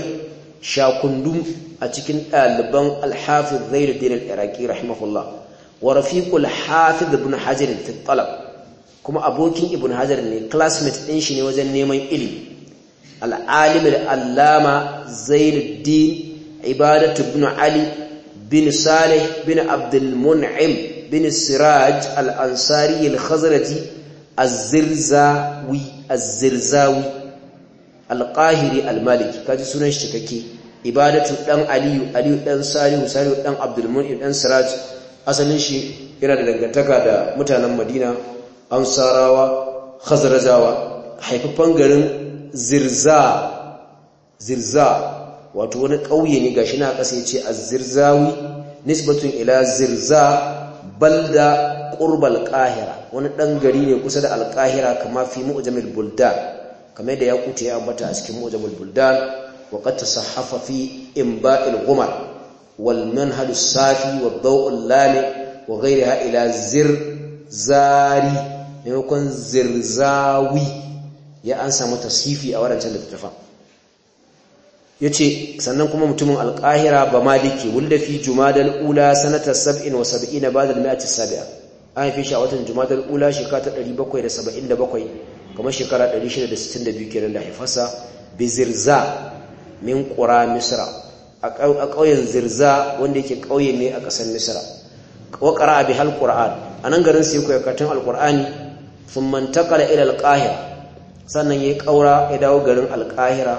kundu a cikin ɗaliban al hafiz zainuddin al rahimahullah wa rafiqul hafiz ibn hajar fi talab kuma abokin ibn hajar ne classmate din shi ne wajen neman ilimi al-alim al-allama zainuddin ibadatu ibn ali bin salih bin abdul mun'im bin siraj al-ansari al-khazraji az-zirzawi az-zirzawi al-qahiri al-maliki kaji sunan shi kake ibadatu dan aliyu aliyu dan salihu salihu dan abdul mun'im dan siraj asalin shi yana da dangantaka da mutanen madina ansarawa khazrajawa haifafan garin zirza zirza wato wani ƙauye ne gashi na ƙasa ya ce a zirzawi nisbatun ila zirza balda ƙurbal ƙahira wani ɗan gari ne kusa da alƙahira kama fi mu'jamil buldan kamar da ya ƙuta ya ambata a cikin mu'jamil buldan wa qad tasahhafa fi imba'il ghumar والمنهج الصافي والضوء اللامع وغيرها إلى زرزاري maimakon zirzawi ya an samu tashifi a waɗancan littattafan ya ce sannan kuma mutumin alƙahira ba maliki wulda fi jumadal ula sanata sab'in wa sab'ina ba da mi'ati sabi'a an haifi shi a watan jumadal ula shekara ta 777 kamar shekara 662 kenan da haifarsa bizirza min ƙura misra a ƙauyen zirza wanda yake ƙauye ne a ƙasar misira wa ƙara bi hal a nan garin sai koyi karatun sun thumma da ilal ƙahira sannan ya yi ƙaura ya dawo garin alƙahira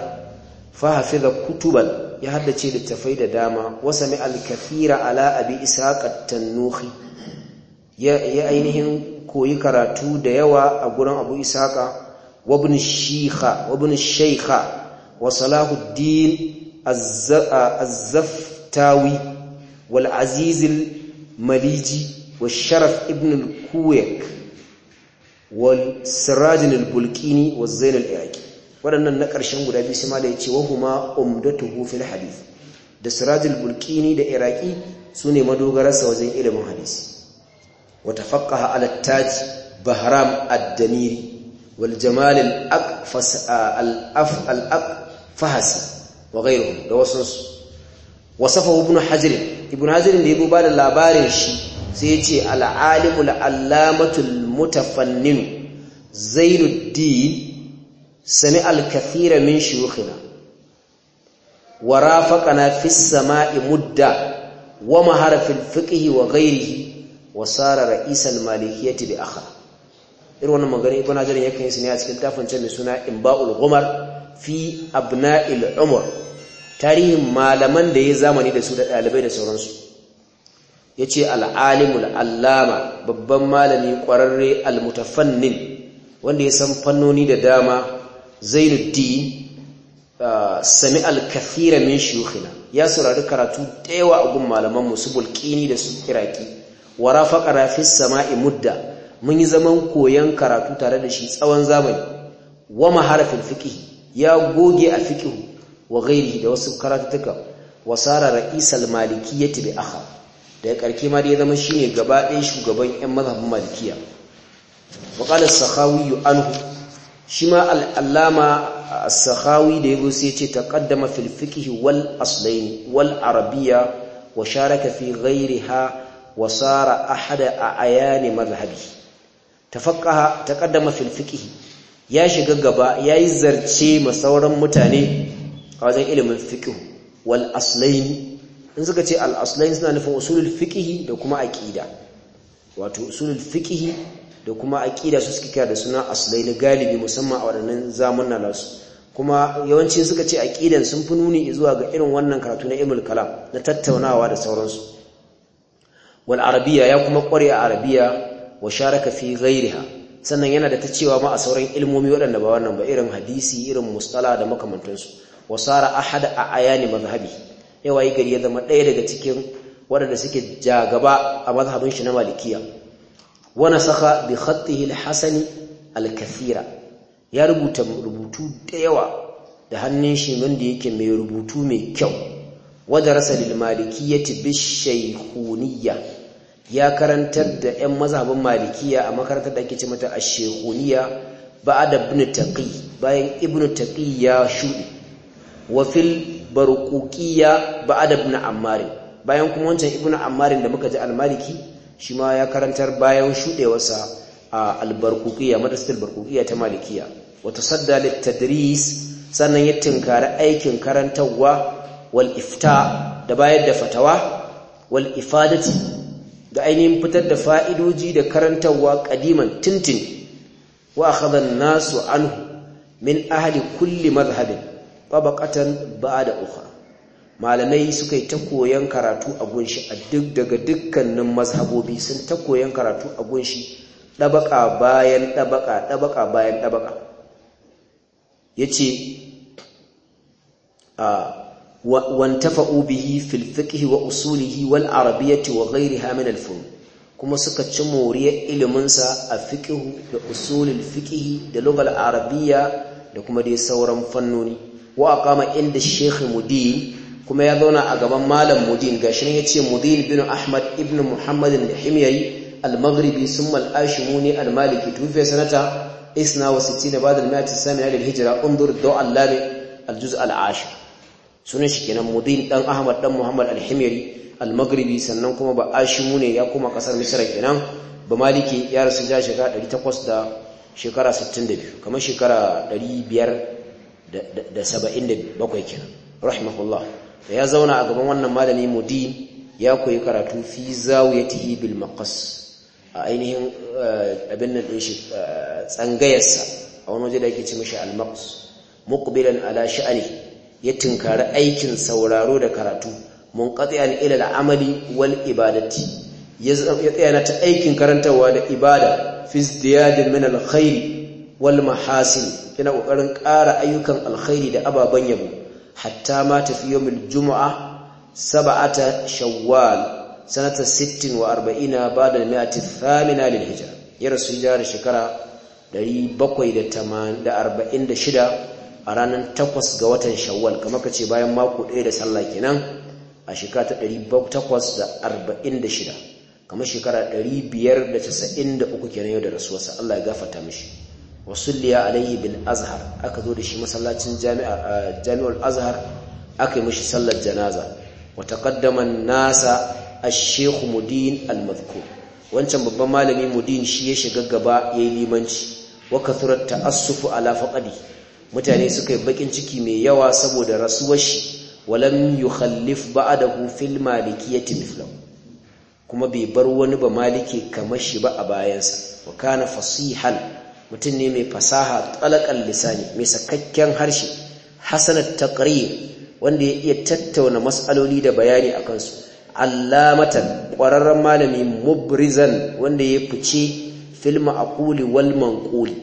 fa da kutubal ya haddace tafai da dama wasa mai alkafira ala abi isa ƙattan nuhi ya ainihin koyi karatu da yawa a gurin abu isaka wabin ibn shiha wa ibn الزفتاوي والعزيز المليجي والشرف ابن الكويك والسراج البلقيني والزين العراقي waɗannan na ƙarshen guda biyu sai mala ya ce wahuma umdatuhu fil hadith da sirajul bulqini da iraqi sune madogararsa wajen ilimin hadisi wa tafaqqaha ala taj bahram ad-damiri wal jamal al-aqfas al-af al wa ghayruhum da wasansu wasafahu ibn hajar ibn hajar da yabo bada labarin shi sai yace al-alimul allamatul mutafannin zainuddin sami al-kathira min shuyukhina wa rafaqana fi samai mudda wa mahara fil fiqhi wa ghayrihi wa sara ra'isan malikiyyati bi akhar irin wannan magana ibn hajar yakan yi ne a cikin tafin mai suna imba'ul ghumar fi abna'il umar tarihin malaman da ya yi zamani da su da ɗalibai da sauransu ya ce al'alimul allama babban malami ƙwararre almutafannin wanda ya san fannoni da dama zainuddin sami alkathira min shukina. ya saurari karatu ɗaya wa a gun malamanmu su bulkini da su kiraki. wa rafaqa rafis sama'i mudda mun yi zaman koyon karatu tare da shi tsawon zamani wa maharafin fiƙi ya goge a fiƙihu. wa ghairihi da wasu karatuttuka wasara ra'isal malikiyyati bi akha daga karke ma da ya zama shine gaba ɗaya shugaban yan mazhabin malikiya wa qala as-sakhawi anhu shi ma al-allama as-sakhawi da yabo sai yace taqaddama fil fiqh wal aslayn wal arabiyya wa sharaka fi ghairiha wa sara ahada ayani madhhabi tafaqqaha taqaddama fil fiqh ya shiga gaba yayi zarce ma sauran mutane a wajen ilimin fiƙihu, wal in suka ce al suna nufin usulul fiƙihi da kuma aƙida, wato usulul fiƙihi da kuma aƙida su suke kira da suna aslain galibi musamman a waɗannan zamun na nasu kuma yawanci suka ce aƙidan sun fi nuni zuwa ga irin wannan karatu na ilmul kalam na tattaunawa da sauransu wal arabiya ya kuma kware a arabiya wa sharaka fi ghairiha sannan yana da ta cewa ma a sauran ilmomi waɗanda ba wannan ba irin hadisi irin mustala da makamantansu wa sara ahad a ayani mazhabi ya wayi gari ya zama ɗaya daga cikin waɗanda suke ja-gaba a mazhabin shi na malikiya wa nasakha bi khattihi alhasani hasani al ya rubuta rubutu da yawa da hannun shi wanda yake mai rubutu mai kyau wa darasa lil malikiyati bi shaykhuniyya ya karantar da 'yan mazhabin malikiya a makarantar da ake ce mata ash-shaykhuniyya ibn taqi bayan ibn taqi ya shuɗi wa fil barquqiyya ba'd ibn ammari. bayan kuma wancan ibn ammar da muka ji al-maliki shi ma ya karantar bayan shudewarsa a al-barquqiyya madrasatul barquqiyya ta malikiya wa tasadda lit tadris sannan ya tinkari aikin karantarwa wal ifta da bayar da fatawa wal ifadati da ainihin fitar da fa'idoji da karantarwa kadiman tintin wa akhadha an-nasu anhu min ahli kulli madhhabin tabaqatan ba'da ukha malamai suka yi ta koyan karatu a gunshi a duk daga dukkanin mazhabobi sun ta koyan karatu a gunshi dabaka bayan dabaka dabaka bayan ɗabaka ya ce wantafa'u bihi fil fiqhi wa usulihi wal arabiyyati wa ghayriha min al kuma suka ci moriyar iliminsa a fiqhu da usulul fiqhi da lugal arabiyya da kuma dai sauran fannoni wa aqama inda Sheikh Mudin kuma ya zauna a gaban Malam Mudin gashi ya ce Mudin bin Ahmad ibn Muhammad al-Himyari al-Maghribi thumma al-Ashmuni al-Maliki tufi sanata 62 ba'da al-mi'ah al-thaniya lil-hijra unzur daw al al-juz' al-ashir sunan shi kenan Mudin dan Ahmad dan Muhammad al-Himyari al-Maghribi sannan kuma ba Ashimu ne ya kuma kasar Misra kenan ba Maliki ya rasu ja shekara 800 da shekara 62 kamar shekara 500 da saba'in da bakwai kenan rahimahullah da ya zauna a gaban wannan malami mudin ya koyi karatu fi zawiyatihi bil maqas a ainihin eh, abin nan din shi eh, tsangayarsa a wani waje da yake ce mishi al maqas muqbilan ala sha'ani ya tinkari aikin sauraro da karatu munqati'an ila al amali wal ibadati ya tsaya na ta aikin karantarwa da ibada fi ziyadin min al khair wal mahasin yana kokarin ƙara ayyukan alkhairi da ababan yabo hatta ma tafi juma'a jumu'a sab'ata shawwal sanata 46 ba da miati thamina lil hijra ya rasu da shekara 746 a ranar 8 ga watan shawwal kamar ce bayan mako ɗaya da sallah kenan a shekara ta 846 kamar shekara 593 kenan yau da rasuwarsa Allah ya gafarta mishi wa sulliya alayhi bil azhar aka zo da shi masallacin jami'a jami'ul azhar aka yi mishi sallar janaza wa taqaddama an-nasa ash-shaykh mudin al-madhkur wancan babban malami mudin shi ya shiga gaba yayi limanci wa kathurat ta'assufu ala faqadi mutane suka yi bakin ciki mai yawa saboda rasuwar shi walam yukhallif ba'dahu fil malikiyyati mithlahu kuma bai bar wani ba maliki kamar shi ba a bayansa wa kana fasihan mutum ne mai fasaha tsalakan lisani mai sakakken harshe hasanar taqrir wanda ya iya tattauna matsaloli da bayani a kansu allamatan ƙwararren malami mubrizan wanda ya fice filma a kuli walman kuli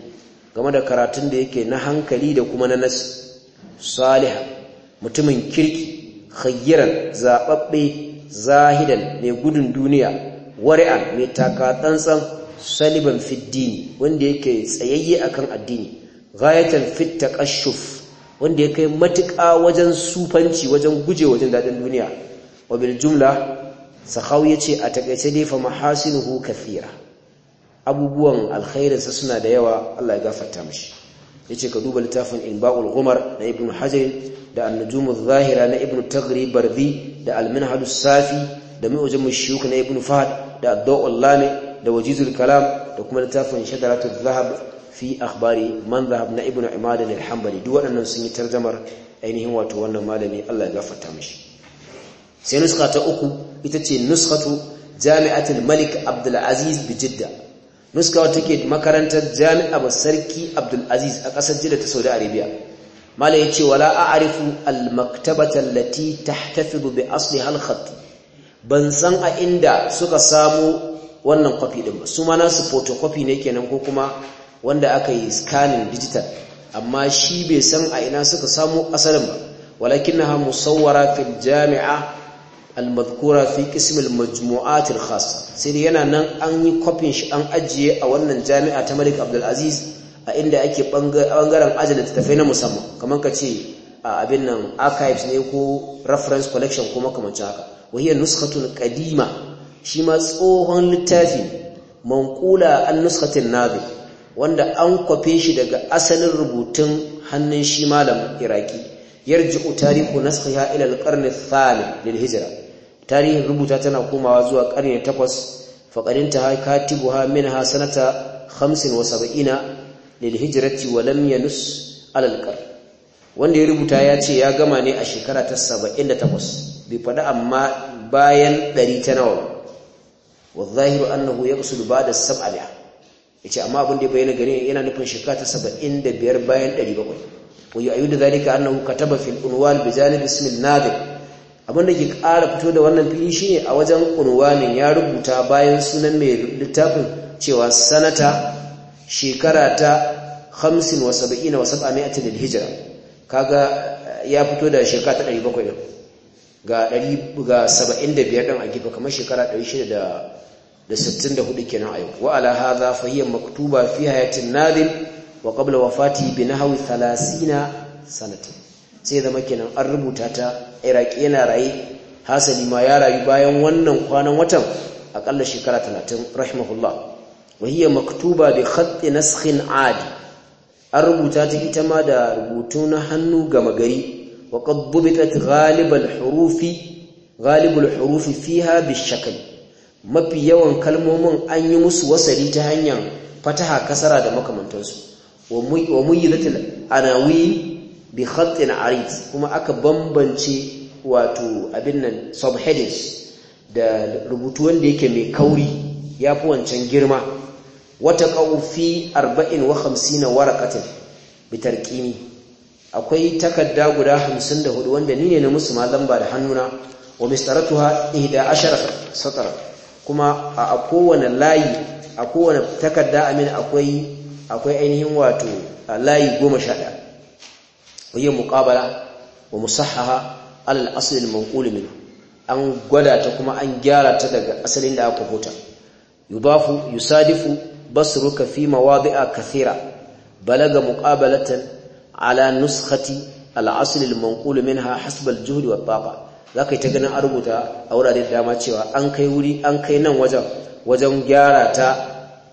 game da karatun da yake na hankali da kuma na nasu saliha mutumin kirki khayran zaɓaɓɓe zahidan mai gudun duniya wari'a mai taka tsantsan saliban fiddini wanda yake tsayayye akan addini ghayatan fit kashuf wanda ya kai matuƙa wajen sufanci wajen guje wajen dadin duniya wa bil jumla sakhawi yace a takaice dai fa mahasinuhu kathira abubuwan sa suna da yawa Allah ya gafarta mishi yace ka duba littafin inba'ul ghumar na ibn hajar da an-nujumuz zahira na ibn taghrib barzi da al-minhajus safi da mu'jamul shuyukh na ibn fahd da ad-daw'ul lami da wajizul kalam da kuma littafin shadaratul zahab fi akhbari man zahab na ibnu imad al-hanbali duk waɗannan sun yi tarjamar ainihin wato wannan malami Allah ya gafarta mishi sai nuska ta uku ita ce nuskatu jami'atul malik abdul aziz bi jidda nuska wata ke makarantar jami'a sarki abdul aziz a ƙasar jidda ta saudi arabia malam yace wala a'rifu al-maktabata allati tahtafidu bi asli al-khat ban san a inda suka samu wannan kwafi din ba su ma nasu photocopy ne kenan ko kuma wanda aka yi scanning digital amma shi bai san a ina suka samu asalin ba walakinaha musawwara fil jami'a al-madhkura fi qism al-majmu'at al-khassa sai dai yana nan an yi copying shi an ajiye a wannan jami'a ta Malik Abdul Aziz a inda ake bangaren ajiye littattafai na musamman kamar ka ce a abin nan archives ne ko reference collection ko makamancin haka wahiyar nuskatun kadima shi ma tsohon littafi manƙula an nuskatin nabi wanda an kwafe shi daga asalin rubutun hannun shi malam iraki yarji'u tarihu naskhiha ila al-qarn ath-thalith lil tarihin rubuta tana komawa zuwa karni 8 faqadinta katibuha ha sanata 75 lil hijrati wa lam yanus ala wanda ya rubuta ya ce ya gama ne a shekara ta takwas bai faɗi amma bayan ɗari ta nawa wa zahiru annahu yaghsulu ba'da sab'a yace amma abin da ya bayyana gare yana nufin shekara ta 75 bayan 700 wa yu'ayyidu zalika annahu kataba fil unwan bi janib ismi nadir abin da ke ƙara fito da wannan fili shine a wajen unwanin ya rubuta bayan sunan mai littafin cewa sanata shekara ta hamsin wa 700 da hijira kaga ya fito da shekara ta 700 ga 75 ɗin a gefe kamar shekara 664 kenan a yau wa ala hadha fa hiya maktuba fi hayatin nadim wa qabla wafati bi nahwi 30 sanatin sai zama kenan an rubuta ta iraki yana raye hasali ma ya rayu bayan wannan kwanan watan akalla shekara 30 rahimahullah wa hiya maktuba bi khatti naskhin adi an rubuta ta ita ma da rubutu na hannu gama gari وقد ضبطت غالب الحروف غالب الحروف فيها بالشكل mafi yawan kalmomin anyi yi musu wasali ta hanyar fataha kasara da makamantansu wa muyyidatul anawi bi khatin arid kuma aka bambance wato abin nan subheadings da rubutu wanda yake mai kauri ya fi wancan girma wata ƙaufi arba'in wa hamsina waraƙatin akwai takarda guda 54 wanda ni ne na musu ma lamba da hannuna wa mistaratuha ashara satar kuma a kowane layi a kowane takarda amin akwai akwai ainihin wato layi 11 wayi muqabala wa musahhaha al asl al manqul minhu an gwada ta kuma an gyara ta daga asalin da aka huta yubafu yusadifu basruka fi mawadi'a kathira balaga muqabalatan ala nuskhati al-asl al-manqul minha hasb al-juhd wa zaka ta ganin an rubuta a wuraren da dama cewa an kai wuri an kai nan wajen wajen gyara ta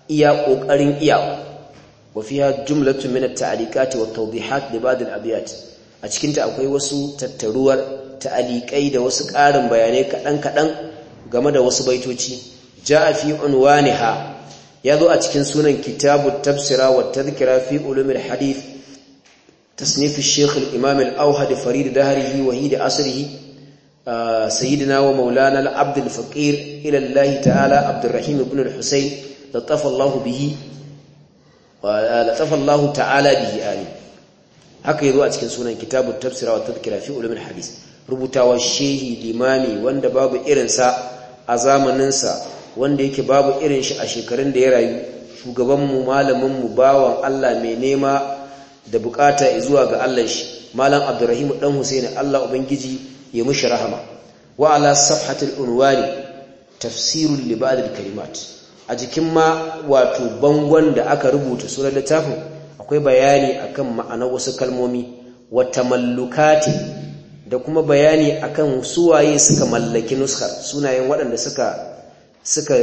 iya kokarin iya wa fiha jumlatun min at-ta'liqat wa at-tawdihat li ba'd al-abyat a cikin ta akwai wasu tattaruwar ta'alikai da wasu ƙarin bayanai kadan kadan game da wasu baitoci ja'a fi ya yazo a cikin sunan kitabut tafsira wa tadhkira fi ulumil hadith تصنيف الشيخ الإمام الأوهد فريد دهره وهيد أسره سيدنا ومولانا العبد الفقير إلى الله تعالى عبد الرحيم بن الحسين لطف الله به لطف الله تعالى به آمين haka yazo a cikin sunan kitabut tafsira wa tadhkira fi ulumul hadis rubutawa shehi limami wanda babu irinsa a zamaninsa wanda yake babu irin shi a shekarun da ya rayu shugaban mu malamin mu bawan Allah mai nema da bukata zuwa ga Allah shi malam abdurrahim dan husaini Allah ubangiji ya mushi rahama wa ala safhatil unwani tafsirul li ba'd kalimat a jikin ma wato bangon da aka rubuta surar littafin akwai bayani akan ma'ana wasu kalmomi wa tamallukati da kuma bayani akan su waye suka mallaki nuskar sunayen waɗanda suka suka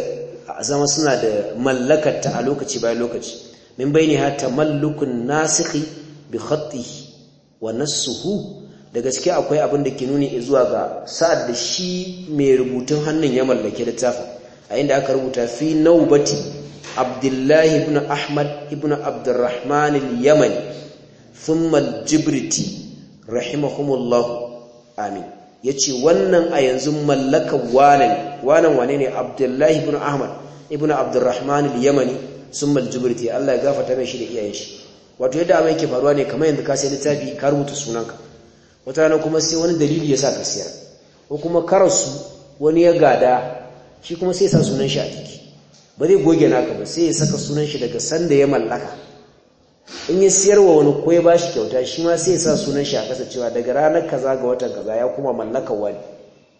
zama suna da mallakarta a lokaci bayan lokaci min bainiha tamallukun nasikhi bi khatihi wa nassuhu da gaske akwai abin da ke nuni zuwa ga sa'ad da shi mai rubutun hannun ya mallake littafin a inda aka rubuta fi naubati abdullahi ibn ahmad ibn abdurrahman al-yamani thumma jibriti rahimahumullah amin yace wannan a yanzu mallakan wane ne wane ne abdullahi ibn ahmad ibn abdurrahman al-yamani Sun maljubirti Allah ya gafata mai shi da iyayen shi wato yadda abin yake faruwa ne kamar yanzu ka sai littafi ka rubuta sunanka wata rana kuma sai wani dalili ya sa ka siyar ko kuma karasu wani ya gada shi kuma sai ya sa sunan shi a jiki ba zai goge naka ba sai ya saka sunan shi daga sanda ya mallaka in ya wa wani ko ya bashi kyauta shi ma sai ya sa sunan shi a kasa cewa daga ranar kaza ga watan kaza ya kuma mallaka wani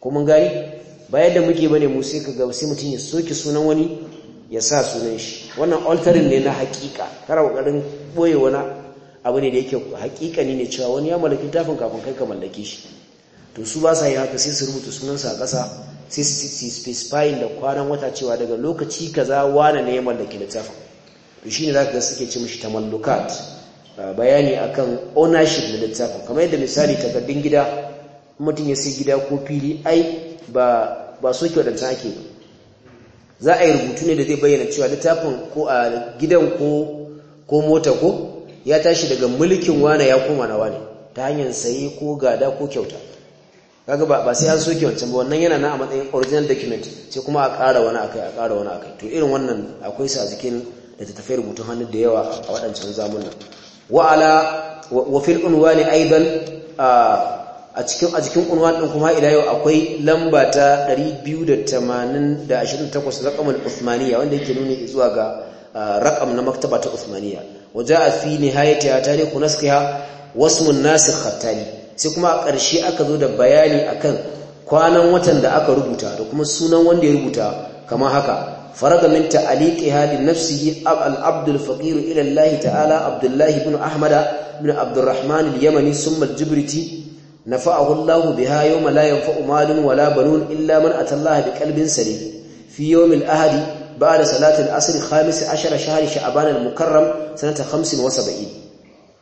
ko mun gani ba yadda muke bane mu sai ka sai mutum ya soke sunan wani ya sa sunan shi wannan altarin ne na hakika kara kokarin boye wani abu ne da yake hakikani ne cewa wani ya mallaki tafin kafin kai ka mallake shi to su ba sa yi haka sai su rubuta sunansa a kasa sai su specifying da kwanan wata cewa daga lokaci kaza wani ne ya mallaki littafin to shine zaka ga suke ce mishi tamallukat bayani akan ownership na littafin kamar yadda misali takardun gida mutum ya sai gida ko fili ai ba ba soke wadanta ake ba za a yi rubutu ne da zai bayyana cewa littafin ko a gidan ko ko mota ko ya tashi daga mulkin wane ya koma na wane ta hanyar saye ko gada ko kyauta kaga ba sai an soke wancan ba wannan yana na a matsayin original document sai kuma a ƙara wani akai a ƙara wani akai to irin wannan akwai sa jikin da tafi rubutun hannu da yawa a waɗancan zamunan wa ala wa fil unwani aidan a cikin a cikin unwan din kuma ila yau akwai lamba ta 288 raqamul usmaniya wanda yake nuni zuwa ga rakam na maktaba ta usmaniya waja'a fi nihayatiha tarihu naskiha wasmun nasikh khatali sai kuma a ƙarshe aka zo da bayani akan kwanan watan da aka rubuta da kuma sunan wanda ya rubuta kamar haka faraga min ta'liqiha bi nafsihi al-abd faqir ila Allah ta'ala Abdullah ibn Ahmad ibn Abdurrahman al-Yamani summa al-Jibriti نفعه الله بها يوم لا ينفع مال ولا بنون إلا من أتى الله بقلب سليم في يوم الأهد بعد صلاة العصر خامس عشر شهر شعبان المكرم سنة خمس وسبعين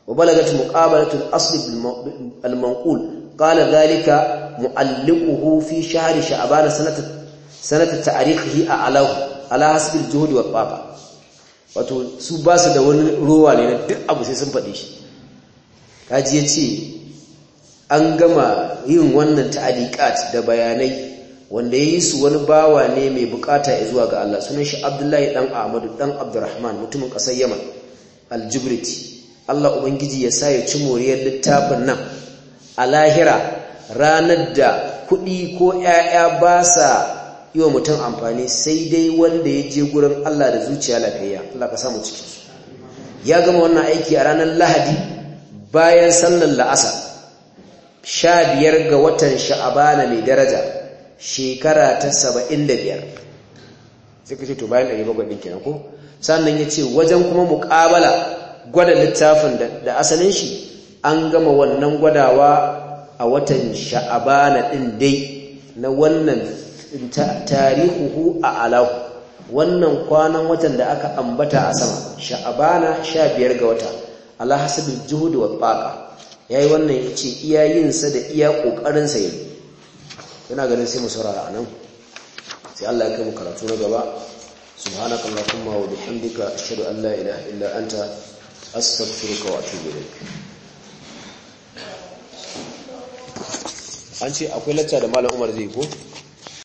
وبلغت مقابلة الأصل المنقول قال ذلك معلقه في شهر شعبان سنة سنة تاريخه أعلاه على حسب الجهد والطاقة wato su ba su da wani rowa ne na duk abu sai sun faɗi shi kaji ya ce an gama yin wannan ta'alikat da bayanai wanda ya yi su wani bawa ne mai bukata ya zuwa ga Allah sunan shi Abdullahi dan Ahmadu dan Abdurrahman mutumin kasar Yaman aljibriti Allah ubangiji ya sa ya ci moriyar littafin nan a lahira ranar da kuɗi ko 'ya'ya ba sa yi wa mutum amfani sai dai wanda ya je gurin Allah da zuciya lafiya Allah ka samu cikin ya gama wannan aiki a ranar Lahadi bayan sallar la'asar sha biyar ga watan sha'abana mai daraja shekara ta saba'in da biyar sai ka ce to bayan ɗari bakwai kenan ko sannan ya ce wajen kuma muƙabala gwada littafin da asalin shi an gama wannan gwadawa a watan sha'abana ɗin dai na wannan tarihuhu a alahu wannan kwanan watan da aka ambata a sama sha'abana sha biyar ga wata alhasabin juhudu wa tsaka ya yi wannan ya ce iya yinsa da iya ƙoƙarinsa yi yana ganin sai mu saurara a nan sai Allah ya kai mu karatu na gaba subhanaka allahumma wa bihamdika ashhadu an la ilaha illa anta astaghfiruka wa atubu ilaik an ce akwai lacca da malam Umar zai ko